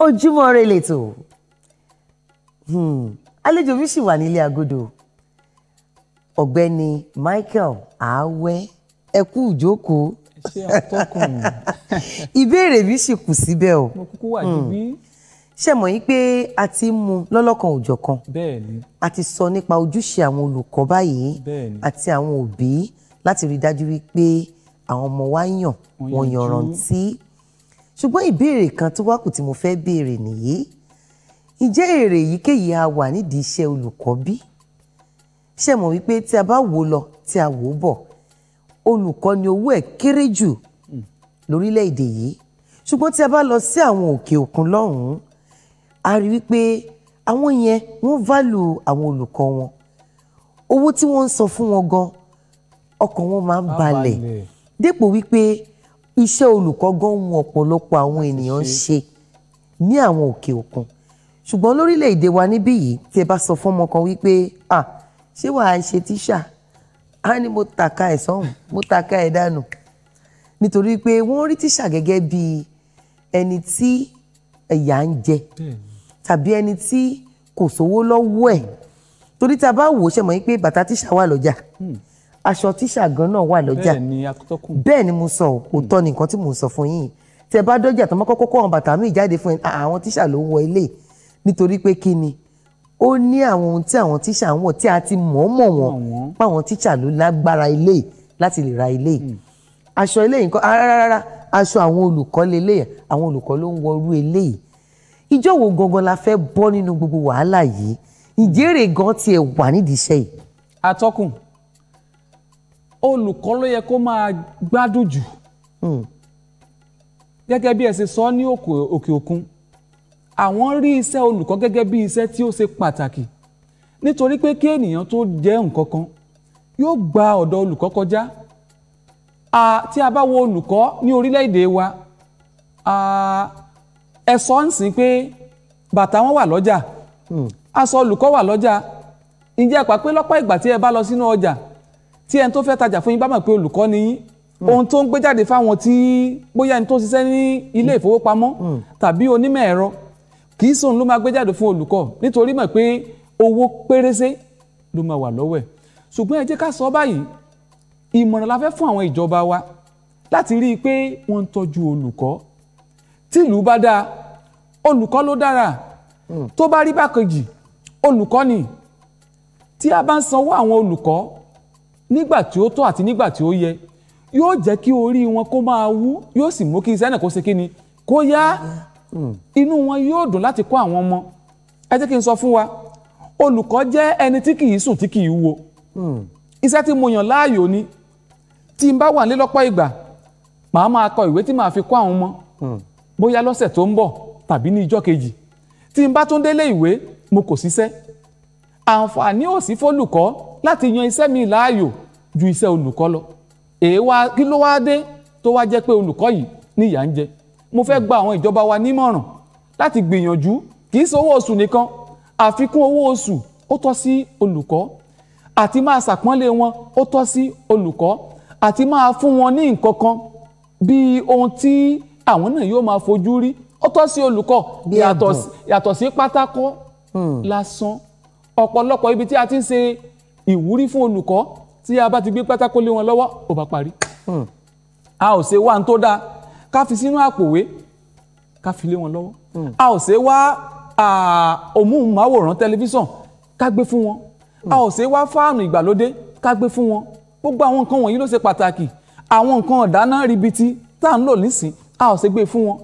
ojúmọ́ rẹ lètò hmm, àlejò mi sì wà nílé agodo ọ̀gbẹ́ni Michael Awẹ́ ẹ kú ìjókòó ìbéèrè mi sì kù síbẹ̀ o hmm. ṣe mọ̀ yín pé a ti ń mu lọ́lọ́kan òjọ̀kan a ti sọ nípa ojúṣe àwọn olùkọ́ báyìí àti àwọn òbí láti rí dájú wípé àwọn ọmọ wa yàn wọ́n yanrantí ṣùgbọ́n ìbéèrè kan tó wá kù tí mo fẹ́ béèrè nìyí ǹjẹ́ èrè èyíkéyìí á wà nídìí iṣẹ́ olùkọ́ bí ṣe mọ̀ wípé tí a bá wò lọ tí a wò bọ̀ olùkọ́ ni owó ẹ̀ kéré jù lórílẹ̀‐èdè yìí ṣùgbọ́n tí a bá lọ sí àwọn òkè òkun lọ́hùn-ún a rí wípé àwọn yẹn wọ́n válù àwọn olùkọ́ wọn owó tí wọ́n ń san fún wọn gan ọkàn wọn máa ń balẹ̀ dépò wípé iṣẹ́ olùkọ́ gan ohun ọ̀pọ̀lọpọ̀ àwọn ènìyàn ń ṣe ní àwọn òkè òkun ṣùgbọ́n lórílẹ̀‐èdè wa níbí yìí tí ẹ bá sọ fún ọmọ kan wípé ah ṣé wàá ṣe tíṣà á ní mo tàka ẹ̀ sọ́hùn mo tàka ẹ̀ dànù nítorí pé wọ́n rí tíṣà gẹ́gẹ́ bí ẹni tí ẹ̀yà ń jẹ hmm. tàbí ẹni tí kò sówó lọ́wọ́ ẹ̀ torí tá a bá wò ó ṣe mọ̀ yín pé bàtà tíṣà wà lọ́jà. Hmm aṣọ tíṣà gan náà wà lọ́jà bẹ́ẹ̀ ni mo sọ òótọ́ ni nǹkan tí mo sọ fún yín tẹ bá dọ́jà tó máa kọ́kọ́ kọ́ àwọn bàtà míì jáde fún àwọn tíṣà ló ń wọ ilé nítorí pé kí ni ó ní àwọn ohun tí àwọn tíṣà ń wọ̀ tí a ti mọ̀ mọ̀ wọ́n páwọn tíṣà ló lágbára ilé láti lè ra ilé hmm. aṣọ ilé yìí kọ́ rárá aṣọ àwọn olùkọ́ lélẹ̀ àwọn olùkọ́ ló ń wọrú ilé yìí ìjọ́ wo gangan la fẹ́ bọ́ nínú gbogbo wàhálà yìí ìjẹ́rè gan tiẹ̀ wà nídìí iṣẹ́ yìí. atọ́kùn olùkọ́ ló yẹ kó máa gbádùn jù hmm. gẹ́gẹ́ bí ẹ ṣe sọ ní òkè òkun àwọn rí iṣẹ́ olùkọ́ gẹ́gẹ́ bí iṣẹ́ tí ó ṣe pàtàkì nítorí pé kí ènìyàn tó jẹ́ nǹkan kan yóò gba ọ̀dọ̀ olùkọ́ kọjá tí a bá wo olùkọ́ ní orílẹ̀-èdè wa ẹ sọ ń sìn pé bàtà wọn wà lọ́jà hmm. aṣọ olùkọ́ wà lọ́jà ǹjẹ́ pàpé lọ́pọ̀ ìgbà tí ẹ bá lọ sínú ọjà tí ẹni tó fẹ́ tajà fún yín bá mọ̀ pé olùkọ́ ni yín ohun tó ń gbé jáde fáwọn tí bóyá ẹni tó ṣiṣẹ́ ní ilé ìfowópamọ́ tàbí onímọ̀ ẹ̀rọ kì í sóhun ló máa gbé jáde fún olùkọ́ nítorí mọ̀ pé owó péréṣe ló máa wà lọ́wọ́ ẹ̀ ṣùgbọ́n ẹ jẹ́ ká sọ báyìí ìmọ̀ràn la fẹ́ fún àwọn ìjọba wa láti rí i pé wọ́n ń tọ́jú olùkọ́ tìlú bá dáa olùkọ́ ló dára tó bá rí bákejì olùkọ́ ni tí a bá ń sanwó àwọn olùkọ́ nígbà tí ó tọ́ àti nígbà tí ó yẹ yóò jẹ́ kí orí wọn kó máa wú yóò sì mú kí iṣẹ́ náà kó ṣe kí ni kó yá hmm. inú wọn yóò dùn láti kọ́ àwọn ọmọ ẹ jẹ́ kí n sọ fún wa olùkọ́ jẹ́ ẹni tí kì í sùn tí kì wo hmm. iṣẹ́ tí mo yàn láàyò ni tí n bá wà nílé lọ́pọ̀ ìgbà màá máa kọ ìwé tí màá fi kọ́ àwọn ọmọ hmm. bóyá lọ́sẹ̀ tó ń bọ̀ tàbí ní ijọ́ kejì tí n bá tún délé ìwé mo kò ṣiṣẹ́ àǹfààní ò sí fólùkọ́ láti yan iṣẹ́ mi láàyò ju iṣẹ́ olùkọ́ lọ èèwà kí ló wáá dé tó wáá jẹ́ pé olùkọ́ yìí níyà ń jẹ mo fẹ́ gba àwọn ìjọba wa nímọ̀ràn láti gbìyànjú kì í ṣe owó oṣù nìkan àfikún owó oṣù ó tọ́ sí olùkọ́ àti máa ṣàpọ́nlé wọn ó tọ́ sí olùkọ́ àti máa fún wọn ní nǹkan kan bíi ohun tí àwọn náà yóò máa fojú rí ó tọ́ sí olùkọ́ yàtọ̀ sí pátákó hmm. lásán ọ̀pọ̀lọpọ̀ ibi tí a ti ń ṣe ìwúrí fún olùkọ́ tí a bá ti gbé pátákó lé wọn lọ́wọ́ ó bá parí hmm. a ò ṣe wá ń tó dáa ká fi sínú àpòwé ká fi lé wọn lọ́wọ́ hmm. a ò ṣe wá òmùmáwòrán tẹlifíṣàn ká gbé fún wọn a ò ṣe wá fáànù ìgbàlódé ká gbé fún wọn gbogbo àwọn nǹkan wọ̀nyí ló ṣe pàtàkì àwọn nǹkan ọ̀dáná ribiti tá à ń lò nísìn a ò ṣe gbé fún wọn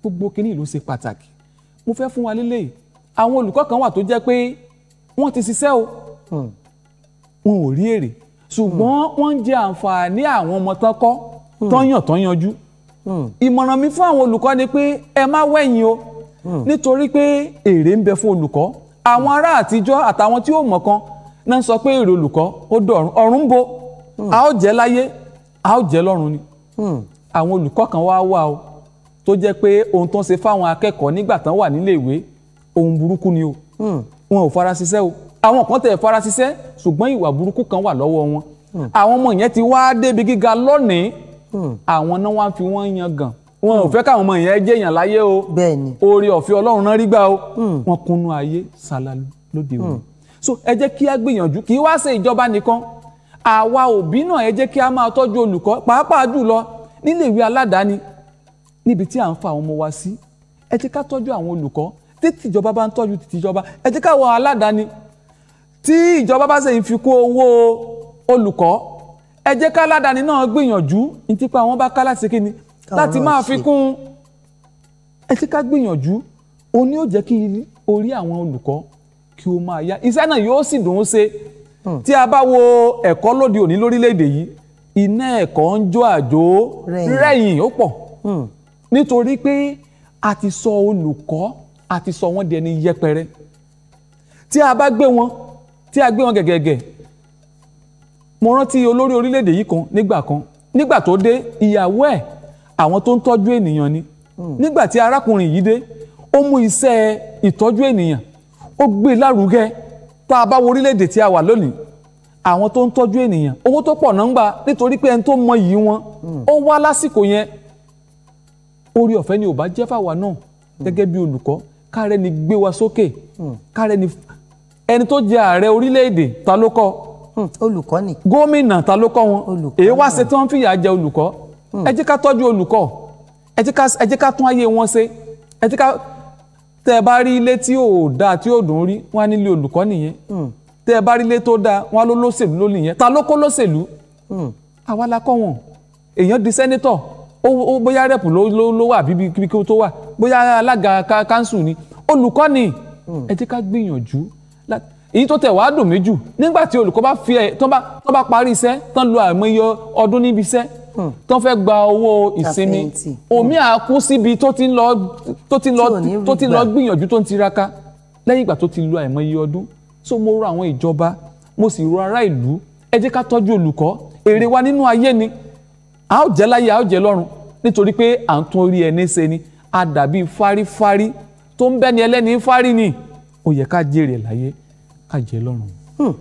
gbogbo kínní ló ṣe pàtàkì mo fẹ́ fún wa lélẹ́yìí àwọn olùkọ́ kan wà tó jẹ́ pé wọ́n ti ṣiṣẹ́ o hmm wọn ò rí èrè ṣùgbọ́n wọ́n ń jẹ àǹfààní àwọn ọmọ tán kọ́ hmm. tọ́yàn tán yanjú hmm. ìmọ̀ràn mi fún àwọn olùkọ́ ni pé ẹ má wẹ̀yìn o hmm. nítorí pé èrè ń bẹ fún olùkọ́ àwọn ará àtijọ́ àtàwọn tí ó mọ̀ kan náà sọ pé èrè olùkọ́ ó dọ̀rùn ọ̀run bo a ó jẹ́ láyé a ó jẹ́ lọ́run ni àwọn olùkọ́ kan wá wà o tó jẹ́ pé ohun tó ń ṣe fáwọn akẹ́kọ̀ọ́ nígbà tán wà níléèwé ohun burúkú ni o wọn ò fara o àwọn kan tẹ̀ fara ṣiṣẹ́ ṣùgbọ́n ìwà burúkú kan wà lọ́wọ́ wọn hmm. àwọn ọmọ yẹn ti wá débi gíga lónìí hmm. àwọn náà wá fi wọ́n yan gàn wọn ò hmm. fẹ́ káwọn ọmọ yẹn jẹ́ èèyàn láyé o oore ọ̀fẹ́ ọlọ́run náà rí gbà o wọn kúnnú ayé ṣàlàlú lóde òní so ẹ jẹ́ kí a gbìyànjú kì í wá ṣe ìjọba nìkan àwa òbí náà ẹ jẹ́ kí a máa tọ́jú olùkọ́ pàápàá jùlọ nílé ìwé aládàáni níbi tí à ń fa àwọn ọmọ wa sí ẹ jẹ́ ká tọ́jú àwọn olùkọ́ títí ìjọba bá ń tọ́jú títí ìjọba ẹ jẹ́ káwọn aládàáni tí ìjọba bá ṣe ìfikún owó olùkọ́ ẹ jẹ́ ká aládàáni náà gbìyànjú ní ti àwọn bá ká láti kí ni láti máa fi kún ẹ jẹ́ ká gbìyànjú o ní ó jẹ́ kí orí àwọn olùkọ́ kí o máa yá iṣẹ́ náà yóò sì dùn ún ṣe hmm. tí a bá wo ẹ̀kọ́ lóde òní lórílẹ̀‐èdè yìí iná ẹ̀kọ́ ń jó àjò rẹ̀yìn ó pọ̀ hmm. nítorí pé a ti sọ olùkọ́ a ti sọ wọ́n di ẹni yẹpẹrẹ tí a bá gbé wọn tí a gbé wọn gẹ̀gẹ̀gẹ̀ mo rántí olórí orílẹ̀-èdè yìí kan nígbà kan nígbà tó dé ìyàwó ẹ̀ àwọn tó ń tọ́jú ènìyàn ni hmm. nígbà tí arákùnrin yìí dé ó mú iṣẹ́ ìtọ́jú ènìyàn ó gbé e lárugẹ tá a bá wo orílẹ̀-èdè tí a wà lónìí àwọn tó ń tọ́jú ènìyàn owó tó pọ̀ náà ń gbà nítorí pé ẹni tó mọ yìí wọn hmm. ó wá lásìkò yẹn orí ọ̀fẹ́ ni ò bá jẹ́ fáwa náà hmm. gẹ́gẹ́ bí olùkọ́ kárẹ́ ni gbé wa sókè kárẹ́ ni ẹni tó jẹ ààrẹ orílẹ̀-èdè ta ló kọ́ hmm, olùkọ́ ni gómìnà ta ló kọ́ wọn èyí wá ṣe tí wọ́n fìyà jẹ olùkọ́ hmm. ẹ jẹ́ ká tọ́jú olùkọ́ ẹ jẹ́ ká tún ayé wọn ṣe ẹ jẹ́ ká tẹ́ ẹ bá rí ilé tí ò dáa tí ò dùn rí wọn á nílé olùkọ́ nìyẹn hmm. tẹ́ ẹ bá rí ilé tó dáa wọn á ló lóṣèlú ló nìyẹn ta ló kó lóṣèlú àwa la kọ́ wọn èèyàn di sẹ́nítọ̀ ó bóyá rẹ́pù ló wà bíbi kíbi tó wà bóyá alága káńsù ni olùkọ́ ni ẹ jẹ́ ká gbìyànjú èyí tó tẹ̀ wá dùn mí jù nígbà tí olùkọ́ bá fi ẹ̀ tán bá tán bá parí iṣẹ́ tán lo àìmọye ọdún níbi iṣẹ́ hmm. tán fẹ́ gba owó ìsinmi hmm. omi àkú síbi tó ti ń lọ tó ti ń lọ tó ti ń lọ gbìyànjú tó ń tiraka lẹ́yìn ìgbà tó ti lo àìmọye ọdún so mo rọ̀ àwọn ìjọba mo sì rọ̀ ará ìlú ẹ jẹ́ ká tọ́jú olùkọ́ èrè wa nínú ayé ni a ó jẹ́ láyé a ó jẹ́ lọ́run nítorí pé à ń tún orí ẹni ṣe ni a dàbí fárífárí tó ń bẹ́ni ẹlẹ́ni fárí ni ó yẹ ká jèrè láyé àjẹ́ lọ́rùn. Hmm,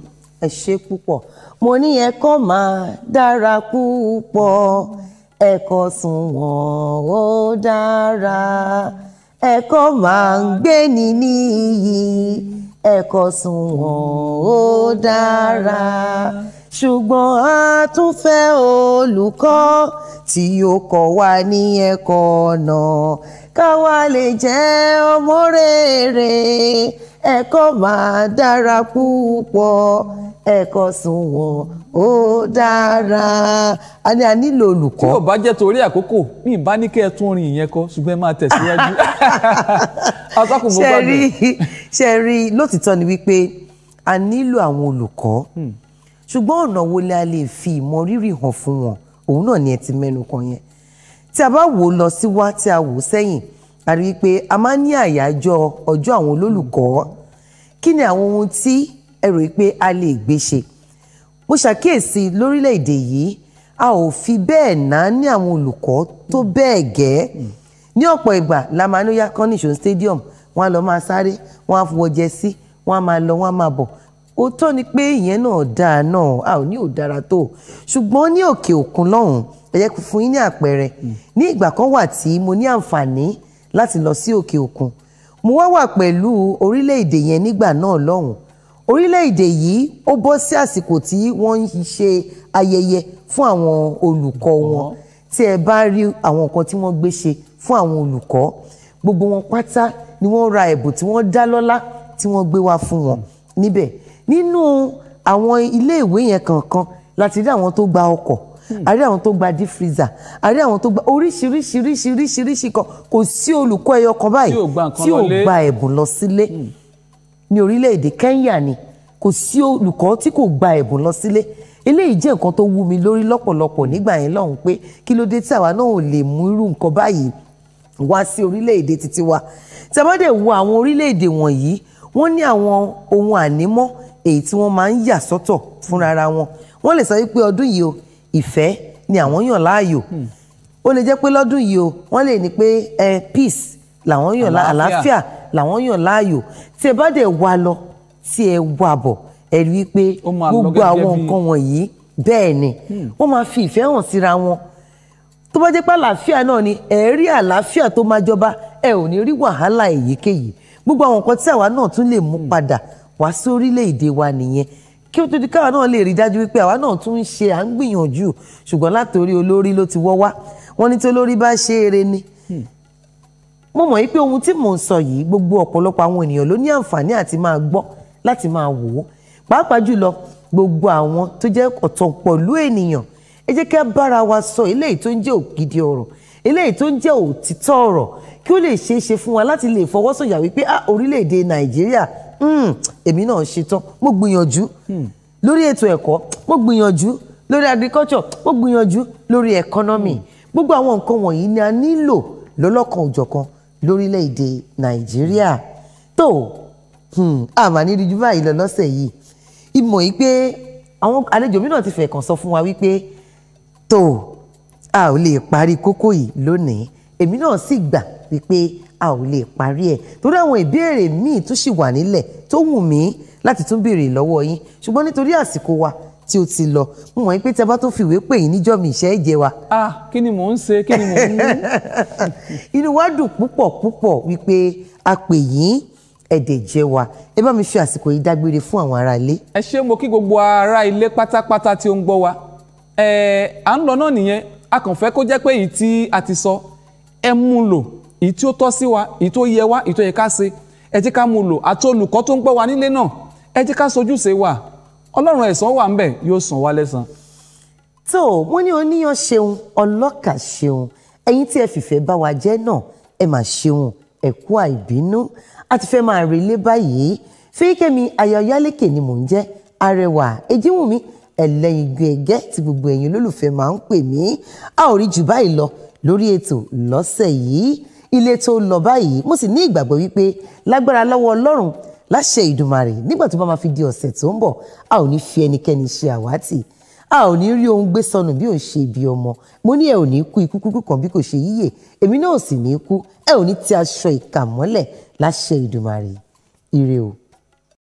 ẹ ṣe púpọ̀ mo ní ẹ̀kọ́ máa dára púpọ̀ ẹ̀kọ́ sùn wọ́n ó dára ẹ̀kọ́ máa ń gbéni níyì ẹ̀kọ́ sùn wọ́n ó dára ṣùgbọ́n a tún fẹ́ olùkọ́ tí ó kọ́ wa ní ẹ̀kọ́ náà káwa lè jẹ́ ọmọ rere ẹ̀kọ́ máa dára púpọ̀ ẹ̀kọ́ sunwọ̀n ó dára. a ní a nílò olùkọ́. tí ò bá jẹ́ torí àkókò mi ì bá ní kí ẹ tún rin ìyẹn kọ ṣùgbọ́n ẹ máa tẹ̀síwájú. ṣẹ̀rí ṣẹ̀rí lótìtọ́ ni wípé a nílò àwọn olùkọ́ hmm. ṣùgbọ́n ọ̀nà wo la lè fi ìmọrírì hàn fún wọn òun náà ni ẹ ti mẹ́nu kan yẹn tí a bá wò lọ sí wá tí a wò sẹ́yìn a rí i pé a máa ń ní àyájọ́ ọjọ́ àwọn olólùkọ́ kí ni àwọn ohun tí ẹ rò pé a lè gbé ṣe mo ṣàkíyèsí lórílẹ̀‐èdè yìí a ò fi bẹ́ẹ̀ náà ní àwọn olùkọ́ tó hmm. bẹ́ẹ̀ gẹ́ hmm. ní ọ̀pọ̀ ìgbà la máa ń yá kọ́nìṣó stadium wọ́n á lọ máa sáré wọ́n á fọwọ́ jẹ sí wọ́n á máa lọ wọ́n á máa bọ̀ òótọ́ ni pé ìyẹn náà dáa náà a ò ní ò tó ṣùgbọ́n ní òkè òkun lọ́hùn ẹ fún yín ní àpẹẹrẹ hmm. ní ìgbà kan wà tí mo ní àǹfààní láti lọ sí òkè òkun mo wá wà pẹ̀lú orílẹ̀-èdè yẹn nígbà náà lọ́hùn orílẹ̀-èdè yìí ó bọ́ sí àsìkò tí wọ́n ń ṣe ayẹyẹ fún àwọn olùkọ́ wọn tí ẹ bá rí àwọn nǹkan tí wọ́n gbé ṣe fún àwọn olùkọ́ gbogbo wọn pátá ni wọ́n ra ẹ̀bùn tí wọ́n dá lọ́lá tí wọ́n gbé wá fún wọn níbẹ̀ nínú àwọn iléèwé yẹn kankan láti rí àwọn tó gba ọkọ̀ a rí àwọn tó gba deep freezer a rí àwọn tó gba oríṣiríṣi oríṣiríṣi kan kò sí olùkọ́ ẹyọ kan báyìí tí ò gba ẹ̀bùn lọ sílé hmm. ní orílẹ̀-èdè Kenya ni kò sí olùkọ́ tí kò gba ẹ̀bùn lọ sílé eléyìí jẹ́ nǹkan tó wú mi lórí lọ́pọ̀lọpọ̀ nígbà yẹn lọ́hùn pé kí ló dé tí àwa náà ò lè mú irú nǹkan báyìí wá sí orílẹ̀-èdè títí wa tí a bá dẹ̀ wo àwọn orílẹ̀-èdè wọ̀nyí wọ́n ní àwọn ohun ànímọ́ èyí tí wọ́n máa ń yà sọ́tọ̀ fúnra wọn wọ́n lè sọ wípé ọdún yìí o ìfẹ́ ni àwọn yàn láàyò hmm. ó lè jẹ́ pé lọ́dún yìí o wọ́n lè ní pé peace làwọn yàn àlàáfíà làwọn yàn láàyò tí ẹ bá dẹ̀ wá lọ tí ẹ wá bọ̀ ẹ rí i pé gbogbo àwọn nǹkan wọ̀nyí bẹ́ẹ̀ ni wọ́n hmm. máa fi ìfẹ́ hàn síra wọn tó bá jẹ́ pé àlàáfíà náà ni ẹ rí àlàáfíà tó máa jọba ẹ ò ní rí wàhálà èyíkéyìí gbogbo àwọn nǹkan tí àwa náà tún lè mú hmm. padà wá sí orílẹ̀-èdè wa nìyẹn kí ó tó di káwa náà lè rí dájú wípé àwa náà tún ń ṣe à ń gbìyànjú ṣùgbọ́n látòrí olórí ló ti wọ́ wá wọ́n ní tí olórí bá ṣe eré ni. Hmm. mo mọ̀ yí pé ohun tí mò ń sọ yìí gbogbo ọ̀pọ̀lọpọ̀ àwọn ènìyàn ló ní àǹfààní àti máa gbọ́ láti máa wò ó pàápàá jùlọ gbogbo àwọn tó jẹ́ ọ̀tọ̀ pọ̀lú ènìyàn ẹ jẹ́ kí a bára wa sọ eléyìí tó ń jẹ́ ògidì ọ̀rọ̀ eléyìí tó ń jẹ́ òtítọ́ ọ̀rọ̀ kí ó lè ṣeé ṣe fún wa láti lè fọwọ́sọ̀yà wípé ah orílẹ̀-èdè Nàìjíríà Hmm, èmi náà ṣetán mo gbìyànjú hmm. lórí ètò ẹ̀kọ́ mo gbìyànjú lórí agriculture mo gbìyànjú lórí economy hmm. gbogbo àwọn nǹkan wọ̀nyí ni a nílò lọ́lọ́kan òjọ̀kan lórílẹ̀‐èdè nàìjíríà tó àmà ní ríjú báyìí lọ lọ́sẹ̀ yìí ìmọ̀ yìí pé àwọn àlejò mi náà ti fẹ̀ẹ̀kan sọ fún wa wípé tó a ò lè parí kókó yìí lónìí èmi náà sì gbà wípé a ò lè parí ẹ̀ torí àwọn ìbéèrè míì tó sì wà nílẹ̀ tó wù mí láti tún béèrè lọ́wọ́ yín ṣùgbọ́n nítorí àsìkò wa tí o ti lọ mo mọ̀ pé tí a bá tó fìwé pè yín níjọ́ mi ìṣe ìjẹ wa. ah kí ni mò ń ṣe kí ni mò ń mú. inú wa dùn púpọ̀ púpọ̀ wípé a pè yín ẹ̀dẹ̀ jẹ wa ẹ bá mi fi àsìkò yìí dágbére fún àwọn ará ilé. ẹ ṣé mo kí gbogbo ará ilé pátápátá tí ó ń gbọ́ wa ẹ à ń lọ náà nìyẹn a kàn fẹ́ kó jẹ́ pé èyí tí a ti sọ ẹ mú lò èyí tí ó tọ́ sí wa èyí tó yẹ wa èyí tó yẹ ká ṣe ẹ jẹ́ ká mú lò àti olùkọ́ tó ń gbọ́ wa nílé náà ẹ jẹ́ ká sojúṣe wa ọlọ́run ẹ̀san wà ńbẹ̀ yóò san wá lẹ́san. tó o wọ́n ní oníyan ṣeun ọlọ́kà ṣeun ẹ̀yin tí ẹ fìfẹ́ bá wa jẹ́ náà ẹ mà ṣeun ẹ kú àìbínú a ti fẹ́ máa relé báyìí fíkẹ́mi ayọ̀yálékè ni mò ń jẹ́ arẹwà èjìwùnmí ẹlẹ́yinjú ẹ̀gẹ́ tí gbogbo ẹ̀yin olólùfẹ́ máa ń pè mí a ò rí jù báyìí lọ lórí ètò lọ́sẹ̀ yìí ilé tó lọ báyìí mo sì ní ìgbàgbọ́ wípé lágbára lọ́wọ́ ọlọ́run láṣẹ ìdùmarè nígbà tó bá máa fi di ọ̀sẹ̀ tó ń bọ̀ a ò ní fi ẹnikẹ́ni ṣe àwátì a ò ní rí ohun gbé sọnù bí òun ṣe ibi ọmọ mo ní ẹ ò ní kú ikú kúkú kan bí kò ṣe yíyè èmi náà ò sì ní kú ẹ ò ní ti aṣọ ìkà mọ́lẹ̀ láṣẹ ìdùmarè ire o.